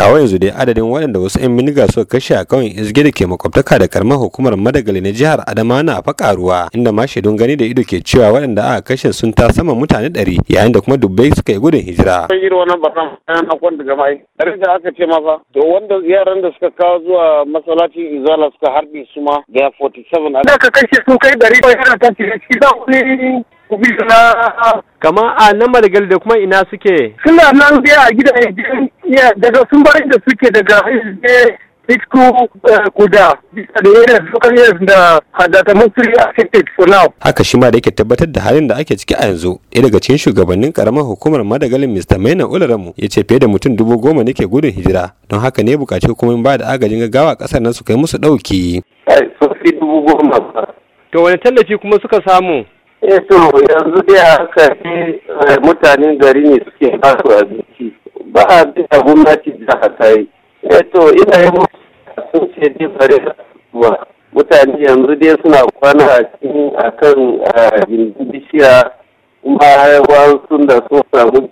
kawo yanzu dai adadin waɗanda wasu 'yan miniga suka kashe a kauyen izge da ke makwabtaka da karamar hukumar madagali na jihar adama na faƙa ruwa inda ma shaidun gani da ido ke cewa waɗanda aka kashe sun ta sama mutane ɗari yayin da kuma dubbai suka yi gudun hijira. Ban yi wannan bakan bayan akwai daga mai. Ɗari da aka ce maza. To wanda yaran da suka kawo zuwa masallacin Izala suka harbi su ma da 47. Da ka kashe su kai ɗari ba yana ta ce shi da wani kuma a nan madagali da kuma ina suke. Suna nan biya a gidan iya daga sun bari da suke daga hizbe Hitku eh, guda bisa da irin zukar areas da hadata mostly affected for now. Haka shi ma da yake tabbatar da halin da ake ciki a yanzu. Ɗaya daga cikin shugabannin karamar hukumar Madagalin Mr. Maina Ularamu ya ce fiye da mutum dubu goma ne ke gudun hijira. Don haka ne bukaci hukumomin ba da agajin gaggawa ƙasar nan su kai musu ɗauki. To wani tallafi kuma suka samu? Eh to yanzu dai haka eh, mutanen gari ne suke ba abinci. ba a bisa gwamnati jiha ta yi to ina yi sun ce ne bare wa mutane yanzu dai suna kwana a cikin a kan bishiya kuma haihuwan sun da so samu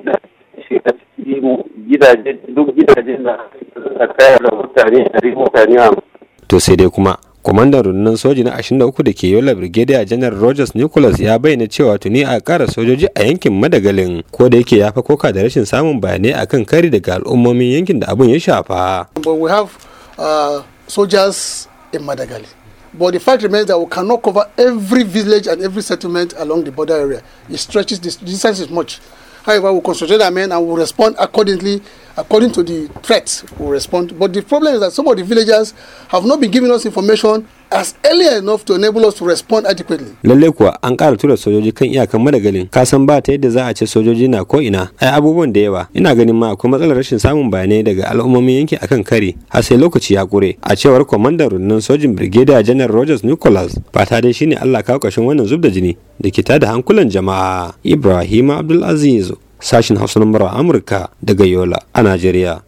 shiga cikin gidaje duk gidaje da suka kaya da mutane a mutane to sai dai kuma kwamandan rundunar soji na 23 da ke yola brigadier janar rogers nicholas ya bayyana cewa tuni a kara sojoji a yankin madagalin ko da yake ya fa koka da rashin samun bayanai akan kari daga al'ummomin yankin da abun ya shafa we have uh, soldiers in madagali but the fact remains that we cannot cover every village and every settlement along the border area it stretches the distance is much however we concentrate our men and we respond accordingly according to the we will respond. But the problem is that some of the villagers have not been giving us information as early enough to enable us to respond adequately. Lalle kuwa an ƙara tura sojoji kan iyakan madagalin. Ka san ba ta yadda za a ce sojoji na ko ina. Ai abubuwan da yawa. Ina ganin ma akwai matsalar rashin samun bayanai daga al'ummomin yanki akan kari har sai lokaci ya kure. A cewar kwamandan rundunar sojin Brigadier General Rogers Nicholas, fata dai shine Allah kawo ƙarshen wannan zub da jini da ke hankulan jama'a. Ibrahim Abdulaziz, sashin hausa na amurka daga yola a najeriya